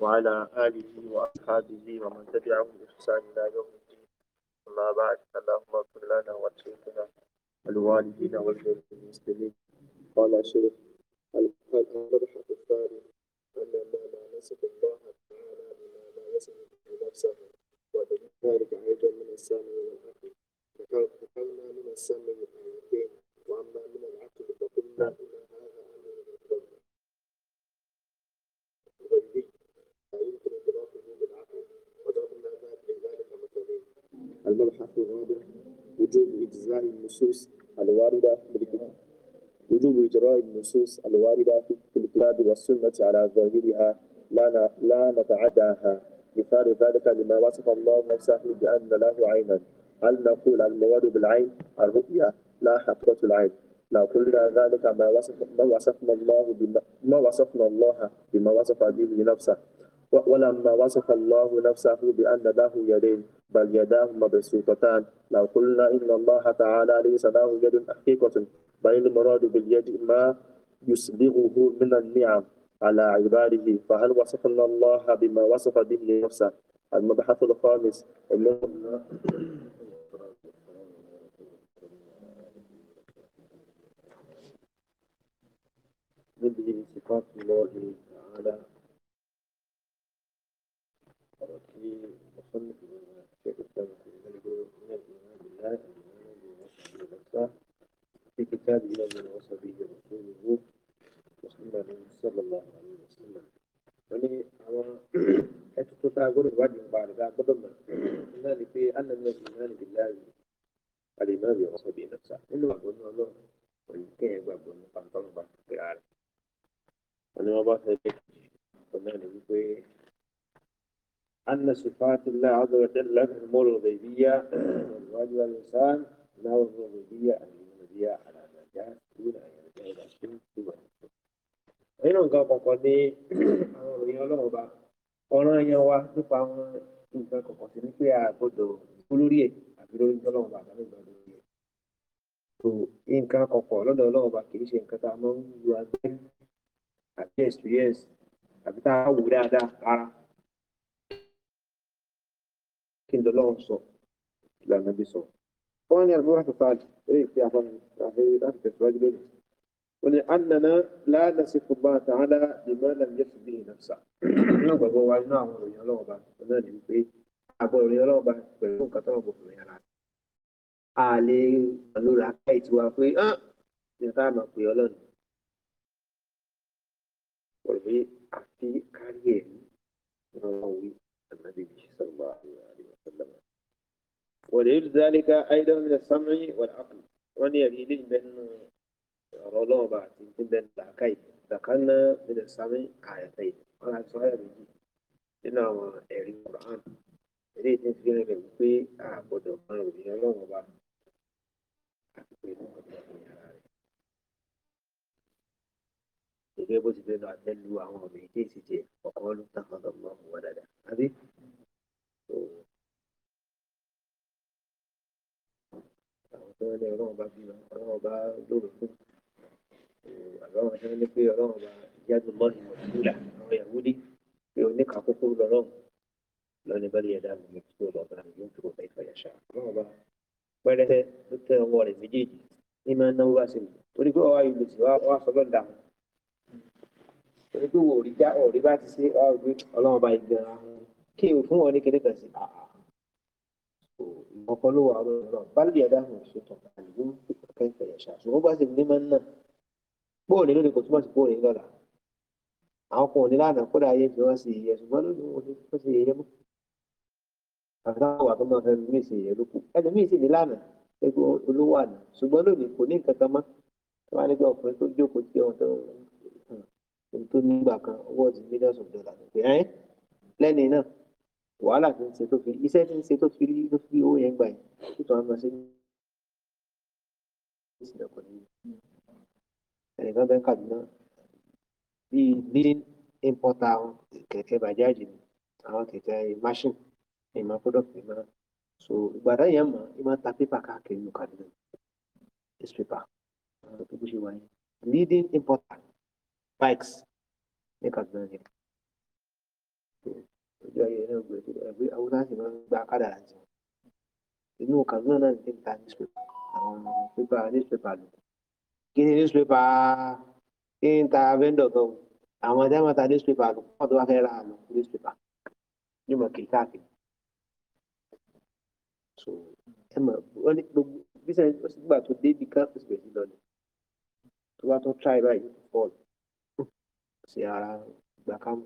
وعلى آله وأصحابه ومن تبعهم بإحسان إلى يوم الدين أما بعد فاللهم اغفر لنا ولشيخنا الوالدين والجميع المسلمين قال شيخ المدحة الثاني أن المعنى نسب الله تعالى بما لا يصف به نفسه ودليل ذلك أيضا من السامع والعقل ذكرنا من السامع الآيتين وأما من العقل فقلنا إن المبحث الرابع وجوب إجراء النصوص الواردة وجوب إجراء النصوص الواردة في الكتاب والسنة على ظاهرها لا لا نتعداها مثال ذلك لما وصف الله نفسه بأن له عينا هل نقول المراد بالعين الرؤية لا حقيقة العين لو قلنا ذلك ما وصف ما وصفنا الله بما ما وصفنا الله بما وصف به نفسه ولما وصف الله نفسه بأن له يدين بل يداه مبسوطتان لو قلنا إن الله تعالى ليس له يد حقيقة بل المراد باليد ما يسبغه من النعم على عباده فهل وصفنا الله بما وصف به نفسه المبحث الخامس من صفات الله تعالى لمصنف الإمام الشيخ الإسلام ابن يقول من الإيمان بالله الإيمان بما وصف به نفسه في كتابه إلى ما وصف به رسوله محمد صلى الله عليه وسلم يعني أما حيث تتاقل الوجه بعد ذلك بضمن ذلك في أن من الإيمان بالله الإيمان بما وصف به نفسه إنه أقول الله وإن كان يقول أقول الله تعالى أنا ما بعرف أن صفات الله عز وجل له الأمور الغيبية والواجب على الإنسان له الأمور الغيبية أن يؤمن بها على ما جاء دون أن يرجع إلى شيء سواه. nínú nǹkan kọ̀ọ̀kan ní àwọn òròyìn ọlọ́run ọba ọ̀ràn yẹn wá nípa àwọn nǹkan kọ̀ọ̀kan sí ní pé a gbọ́dọ̀ kú lórí ẹ̀ àbí lórí ọlọ́run ọba nǹkan kọ̀ọ̀kan lọ́dọ̀ ọlọ́run ọba kì í ṣe nǹkan tá a máa ń lu agbẹ́ àbí experience àbí tá a dáadáa rárá. kí n lọ́lọ́run sọ ìlànà bí sọ. wọ́n ní àbúrò àti fàájì eré ìpè àwọn láti tẹ̀síwájú lónìí. wọ́n ní ànànà láàdá sí fún bá ta'ala ìmọ̀ ẹ̀lẹ́m yẹ́ fi bí ìnàfsà. inú gbàgbọ́ wa inú àwọn òròyìn ọlọ́wọ́ bá náà ní pé àbọ̀ òròyìn ọlọ́wọ́ bá pẹ̀lú nǹkan tó wà bọ̀ òròyìn ara. a lè lò rà ká ìtura pé hàn ní ká mà pé ọlọ́run. òròyìn sallallahu alaihi wasallam ودليل ذلك أيضا من السمع والعقل وني بيدين بين رولو بعد بين لكاي ذكرنا من السمع آيتين أنا سؤال بيجي إنما إيري القرآن إيري تنسينا بيجي أبدا ما بيجي رولو بعد gẹ́gẹ́ bó ti fẹ́ lọ àtẹ́lu àwọn ọmọ èdè ìsìtì ọ̀kan ló tàkàtà ọmọ wọ̀dàdà àbí tí wọ́n ní ọlọ́run bá bímọ ọlọ́run bá lóòrò fún àwọn tí wọ́n ní pé ọlọ́run bá yàtọ̀ lọ́ọ̀hìn ọ̀dúnlá àwọn Yahudi pé oníkàkókò lọ́rọ̀ lọ́ni bá lè yẹ̀dá mi tí ó lọ bá mi yóò tó bẹ́ẹ̀ fàyàṣà ọlọ́run bá pẹ́rẹ́tẹ́ tó tẹ ọwọ́ rẹ̀ méjèèjì ní máa náwó bá ṣe torí pé ọwọ́ ìlú ti wá sọ lọ́dà torí pé wò ó rí bá ti ṣe ọlọ́run bá ìgbà kí n fún ọ ní kékeré kan sí àà kwakwalwa a wurin ran bal ya da hun su tọ̀ka àlùyún kai fẹ̀yà ṣá ṣùgbọ́n bá ṣe ní máa ń nà bóò ní lónìí kò túmọ̀ sí bóò ní lọ́la àwọn kan ò ní lánàá kódà ayé fi wọ́n sí ìyẹn ṣùgbọ́n lónìí wọn ni wọ́n ṣe ìyẹn mọ́ àfi táwọn wà tó máa fẹ́ mí sí ìyẹn lókù ẹlòmíì sì ní lánàá ẹgbẹ́ olówó àná ṣùgbọ́n lónìí kò ní nǹkan kan wàhálà tó ń ṣe tó fi iṣẹ́ tí ń ṣe tó fi rí tó fi owó yẹn gbà yẹn tó tó ọmọ sí ìsìn ọkọ̀ nìyí. ẹnìkan bẹ́ẹ̀ Kaduna bíi leading importer kẹ̀kẹ́ bàjáàjì ni àwọn kẹ̀kẹ́ machine ìmọ̀ product ìmọ̀ so ìgbàdá yẹn mọ̀ ìmọ̀ ta pépà káàkiri ní Kaduna this paper àwọn tó ṣe wáyé leading importer bikes ní Kaduna yẹn ọjọ́ ayé náà gbé tó ẹgbẹ́ haúsá sì máa ń gba kádàrá tiwọn inú kàdúrà náà ní kíkà newspaper àwọn pépà newspaper lò kí ni newspaper kí n ta vendor kan àwọn ẹ̀dá máa ta newspaper lò pọ̀ tó bá fẹ́ ra àlọ́ newspaper ní mọ̀ kì í káàkiri so ẹ mọ̀ wọ́n ní gbogbo bí sẹ́yìn ó sì gbà tó débi ká ó sì bẹ̀rẹ̀ sí lọ́nà tó bá tó try báyìí ó sí ara gbàkámù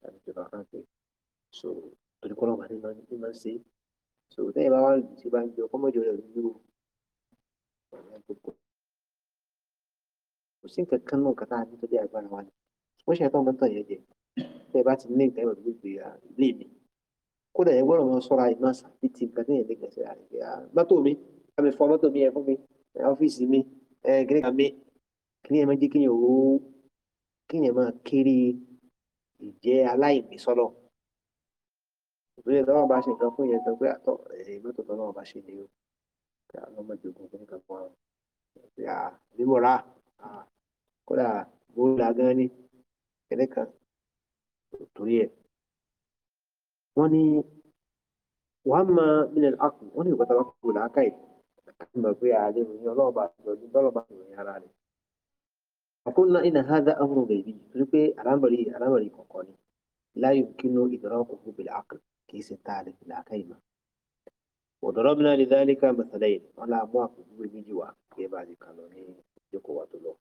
tàbí ìjọba kan pé so torí kọ́ lọ́wọ́ àti ní máa ń ṣe so tẹ́yìn bá wà tí bá ń jọ kọ́mọ́jọ rẹ̀ ló yóò ọ̀rẹ́ gbogbo kò sí nǹkan kan náà kàtà ní tó dé wa ni wọ́n ṣe àtọ́mọ́ tàn yẹn jẹ tẹ́ ẹ bá ti ní nǹkan ìwà gbogbo ilé mi kódà yẹn gbọ́dọ̀ mọ sọ́ra ìmọ̀ àti ti nǹkan tẹ́yìn ní kẹsẹ̀ àríyá mọ́tò mi àmì fọ mọ́tò mi ẹ fún mi ọ́fíìsì mi ẹ mi kíni ẹ máa jẹ́ kíni ò máa kéré ìjẹ́ aláìní sọ́lọ́ọ̀ òtún yẹn tọ́wọ́ bá ṣe nǹkan fún yẹn tán pé àtọ́ ẹ̀yìn mọ́tò tán náà bá ṣe ní o pé àwọn ọmọ ìjogún fún nǹkan fún àwọn pé à mímọ̀ rà à kódà mo là gan ni kẹ́lẹ́ kan torí ẹ̀. wọ́n ní wàá mọ mílíọ̀nù akùn wọ́n ní ìgbà táwọn kò láákà yìí láti mọ̀ pé àlẹ́ ìròyìn ọlọ́ọ̀bà ìròyìn bọ́lọ̀bà ìròyìn ara rẹ̀. وقلنا إن هذا أمر غيبي تريبي أرامبري أرامبري كوكوني لا يمكن إدراكه بالعقل kì í ṣe tá a lè fi làákà ìmọ̀. òdòdó náà ní dáríkà mẹ́tẹ̀lẹ́yìn wọn la mú àpòjúwe méjì wá kí ẹ bá ti kàn lọ ní ìjókòó wa tó lọ.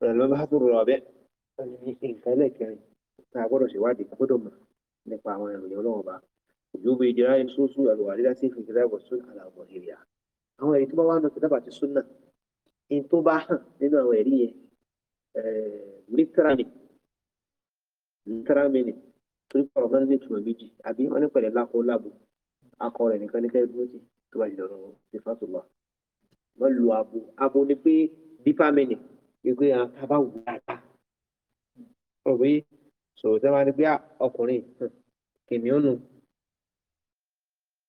pẹ̀lú bá tó rọ̀ ọ̀bẹ nǹkan ẹlẹ́kẹrin tá a gbọ́dọ̀ ṣèwádìí gbọ́dọ̀ mọ̀ nípa àwọn ìròyìn ọlọ́wọ́ bá òjòwò ìjìnlá ẹni sóòtú àlùwárí láti fi ìjìnlá ẹ̀wọ̀ sún àlàbọ̀ èrìà àwọn èyí tó bá wà nù tó dábàá ti sún náà in tó bá hàn nínú àwọn ẹ̀rí yẹn literally literally torí pé ọ̀rọ̀ náà ní ìtumọ̀ méjì àbí wọ́n ní pẹ̀lẹ́ lákọ láàbò akọ rẹ̀ nìkan ní kẹ́ẹ́ dúró tì tó bá ti dọ̀rọ̀ ṣe fásitì wọ́n lu abo abo ni pé deeper meaning ìgbé àbá wù dáadáa ọ̀rọ̀ pé sọ̀rọ̀ tẹ́ máa ní pé ọkùnrin hmm, kìnìún nù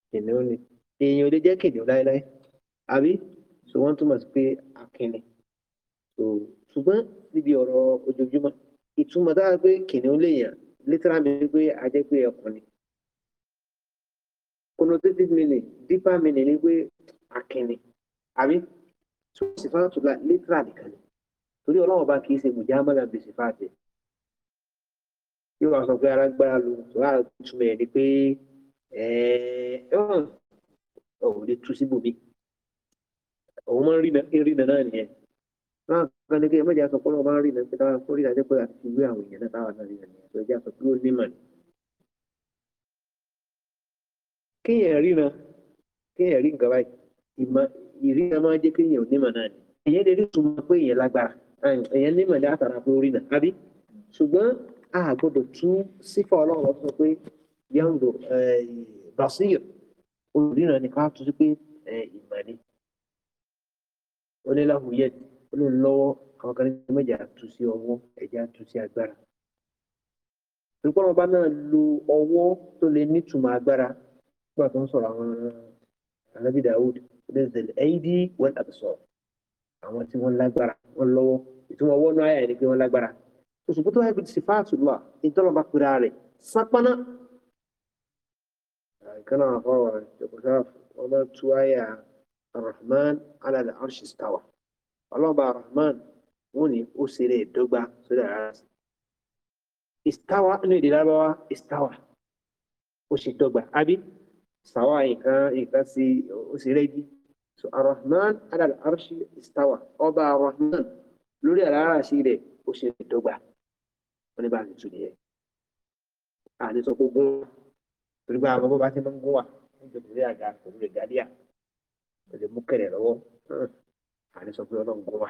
kìnìún ni èèyàn ò lè jẹ́ kìnìún láéláé àbí so wọ́n túmọ̀ sí pé akínni so ṣùgbọ́n níbi ọ̀rọ̀ ojoojúmọ́ ìtumọ̀ dára pé kìnìún lèèyàn literal meaning pé ajẹ́ pé ẹkùn ni connotative meaning deeper meaning ni pé akínni àbí sùsìfàtù literal nìkan ni torí ọlọ́run ọba kì í ṣe bùjá mọ́lá bìsìfàtì yóò wá sọ pé alágbára lu wàhálà túmọ̀ ẹ̀ ni pé ẹ̀ẹ́n ò lè tú síbòmí òun máa ń rí náà nìyẹn báwọn kan ní kí ẹ má jẹ́ aṣọ kọ́nà bá ń rí ìlànà táwa kó rí ìdájọ́ pé àti ìwé àwọn èèyàn náà táwa náà rí ìlànà ìṣòro jẹ́ aṣọ kúrò nímọ̀ ni. kéèyàn ríran kéèyàn rí nǹkan báyìí ìmọ̀ ìríran máa ń jẹ́ kéèyàn onímọ̀ ni èèyàn lè rí túmọ̀ pé èèyàn lágbára èèyàn nímọ̀ ní àtàrà pé orí náà àbí ṣùgbọ́n a gbọ́dọ̀ tún sífà ọlọ́run lọ sọ pé yàǹdò basir olóhùn lọ́wọ́ àwọn kan ní mẹ́jà tú sí ọwọ́ ẹ̀já tú sí agbára nípa ọba náà lo ọwọ́ tó lè nítumọ̀ agbára nígbà tó ń sọ̀rọ̀ àwọn anábì Dawud ọdẹ zẹlẹ ẹyídí wọn àti sọ àwọn tí wọ́n lágbára wọ́n lọ́wọ́ ìtumọ̀ ọwọ́ náà ayà ni pé wọ́n lágbára òṣùpọ̀ tó wáyé bí ti fáàtù lọ ìtọ́nà bá pera rẹ̀ sápáná. ìkànnà ọ̀rọ̀ ìjọba ọmọ tó wáyà rahman ala al ọlọ́ba rahman wọn ni ó ṣeré ìdọ́gba sódà rárá sí ìstáwà nínú èdè lábáwá ìstáwà ó ṣe dọ́gba àbí sàwà nǹkan nǹkan sí ó sì rẹ́gí so arahman alal arshi ìstáwà ọba arahman lórí àrárá sí rẹ̀ ó ṣe dọ́gba wọn ní bá ti tún nìyẹn àti sọ pé gún torí pé àwọn ọmọ bá ti máa ń gún wa nítorí àga pẹ̀lú rẹ̀ gádíà pẹ̀lú mú kẹ̀rẹ̀ lọ́wọ́ àní sọ pé ọlọ́run kó wà.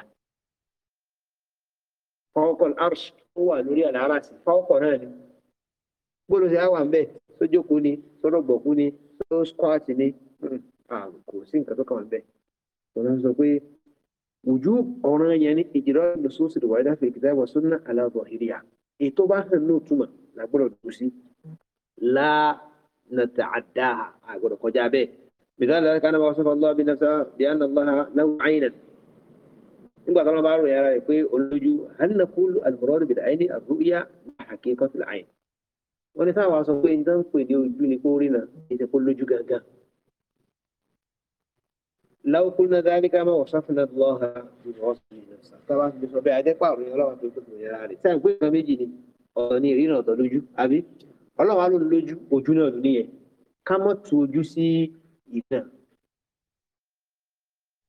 fọwọ́kọ̀ arsh ó wà lórí àlàárà sí fọwọ́kọ̀ náà ni gbọ́dọ̀ sí àwọn àmbẹ̀ tó jókòó ni tó rọ̀gbọ̀kú ni tó squat ni hmm, kò sí nǹkan tó kàn wọ́n bẹ́ẹ̀. ọ̀nà sọ pé ojú ọ̀ràn yẹn ní ìjìrọ̀ lọ́sọ̀ọ̀sì ìwádìí àfi ìgbésẹ̀ sunna ala zahiriya ètò bá hàn ní òtúmọ̀ làgbọ́dọ̀ dùn sí la nata'addaha àgbọ̀dọ̀ kọjá bẹ́ẹ̀. مثال ذلك أنا وصف الله بنفسه بأن الله له عينا nígbà tó lọ bá ròyìn ara rẹ̀ pé olójú hanakulu alburọ́dù bìdà ẹni àrùyá àhàkí kọ́tùlà àyìn wọ́n ní sáwọn sọ pé nígbà ń pè ní ojú ni kó rí náà ètò kó lójú gangan. láwùkú náà dáríkà máa wọ̀sán fún náà lọ́ha tábà ti sọ bẹ́ẹ̀ ajẹ́pà ròyìn ọlọ́wà tó tó ròyìn ara rẹ̀ sáà pé nǹkan méjì ni ọ̀rọ̀ ni ìrìnà ọ̀tọ̀ lójú àbí ọlọ́wà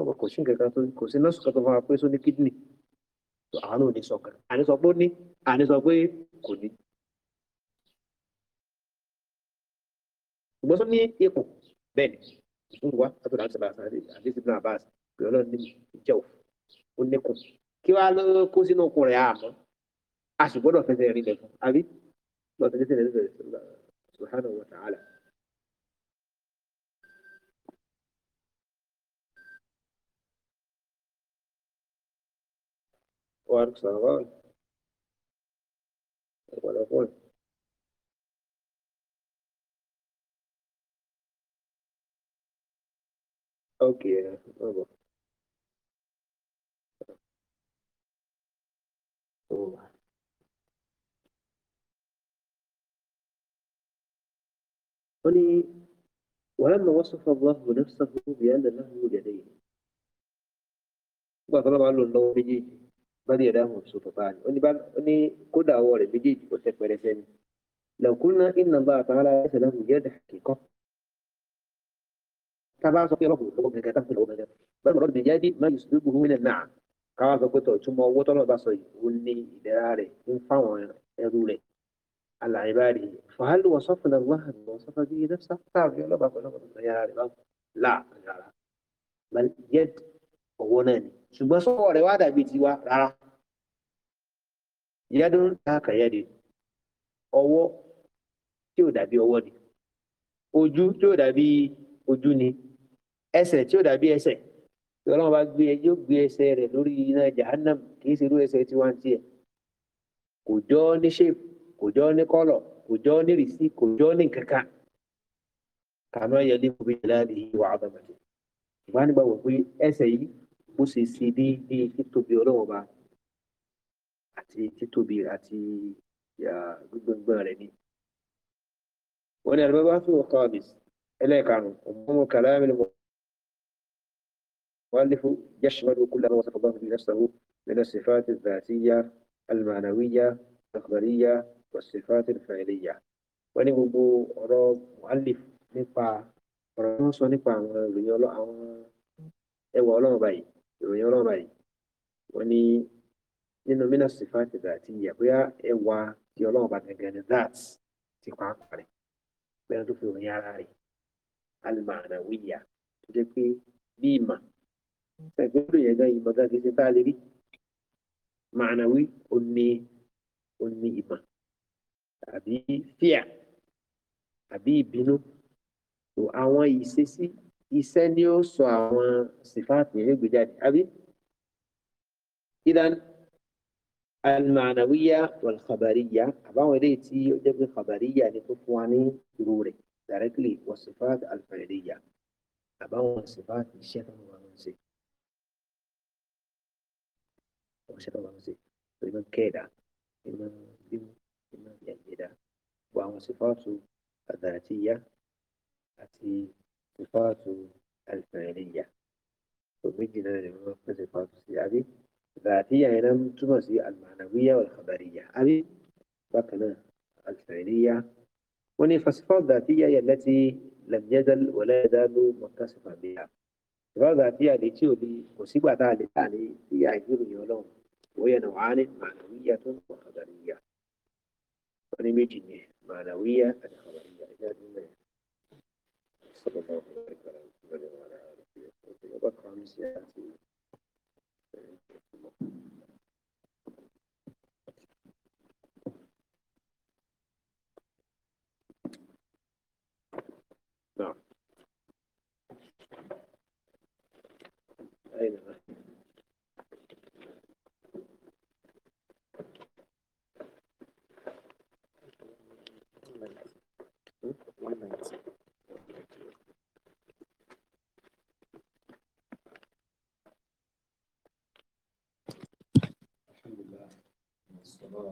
ọmọ kò sí nǹkan kan tó kò sí nọ́ọ̀sì kan tó fọwọ́ pé só ní kídìnì àwọn náà ò ní sọ kan àní sọ pé ó ní àní sọ pé kò ní. ṣùgbọ́n tó ní ipò bẹ́ẹ̀ ni ìfúnni wa látọ̀dọ̀ àti sàbàtà àti ìsìnkú náà báàsì pé ọlọ́run ní ìjẹ́ òfò ó níkùn kí wàá ló kó sínú okùn rẹ̀ àmọ́ a sì gbọ́dọ̀ fẹsẹ̀ rìn lẹ̀ fún àbí lọ́ọ̀tẹ̀ وارك سنغال ولا قول اوكي أبو. أوه. ولما وصف الله نفسه بأن له يدين الله طلب عنه أنه بيجي بدي يدام سوطة ثاني وني بعد وني كده هو اللي بيجي وسكر ثاني لو قلنا إن الله تعالى ليس له يد حقيقة تبع سوف يروح لو بيجي تفتح لو بيجي بل مرد بيجي ما يسلبه من النعم كما ذكرت ثم وطن بصري وني إداري من فوان يدولي على عباده فهل وصفنا الله وصف به نفسه؟ تعرف يقول لا لا بل يد ọwọ́ náà ni ṣùgbọ́n sọ́wọ́ rẹ̀ wá dàbí tiwa rárá ìyádó káàkàyẹ́dẹ ọwọ́ tí ò dàbí ọwọ́ ni ojú tí ò dàbí ojú ni ẹsẹ̀ tí ò dàbí ẹsẹ̀ tí ọlọ́run bá gbé yóò gbé ẹsẹ̀ rẹ̀ lórí iná jahannam kì í ṣe irú ẹsẹ̀ tiwa kò jọ ní kò jọ ní kọ́lọ̀ kò jọ ní rìsí kò jọ ní kankan yẹ ìlànà ìgbà nígbà wọ̀ pé ẹsẹ̀ ó ṣe ṣe déédéé títóbi ọlọ́run ba àti títóbi àti gbígbọ́ngbọ́n rẹ̀ ni. wọ́n ní àlùbọ́bá tó wọ́n kọ́ àbí ẹlẹ́ẹ̀karùn-ún ọmọ kàlámì lọ́wọ́ المؤلف يشمل كل ما وصف الله به نفسه من الصفات الذاتية المعنوية الخبرية والصفات الفعلية wọ́n ní gbogbo ọ̀rọ̀ mu'allif nípa ọ̀rọ̀ tí wọ́n sọ nípa àwọn ìròyìn àwọn ẹwà ọlọ́run báyìí ìròyìn ọlọ́run báyìí wọ́n ní nínú mina sifati àti ìyà bóyá ẹwà tí ọlọ́run bá gẹ́gẹ́ ní that ti pàápàá rẹ̀ bóyá tó fi ròyìn ara rẹ̀ alìmọ̀ràn wíyà tó jẹ́ pé bí ìmọ̀ ṣàgbéyàwó yẹn gan ìmọ̀ gan kìí tá a lè rí màánàwí ó ní ó ní ìmọ̀ àbí fíà àbí ìbínú àwọn ìṣesí iṣẹ́ ni ó sọ àwọn sifaati yẹn gbé jáde àbí idan almanawiya wal khabariya àbáwọn eléyìí tí ó jẹ́ pé khabariya ni tó fún wa ní irú rẹ̀ directly wa sifaati alfa'iliya àbáwọn sifaati iṣẹ́ tó wà lọ sí iṣẹ́ tó wà lọ sí ìmọ̀ kẹ́ẹ̀dá ìmọ̀ bímọ ìmọ̀ yàgbẹ́dá gbogbo àwọn sifaati àdàtìyà àti. صفات الفعلية ومجنا لموقع صفات السيابي ذاتية هنا تمسي المعنوية والخبرية أبي بقنا الفعلية وني فصفات ذاتية التي لم يزل ولا يزال متصفا بها صفات ذاتية التي ولي مصيبة ذلك يعني هي عجيب يولون وهي نوعان معنوية وخبرية وني مجنة معنوية الخبرية إذا 子供の頃から生まれながらあるというこが関心やすい。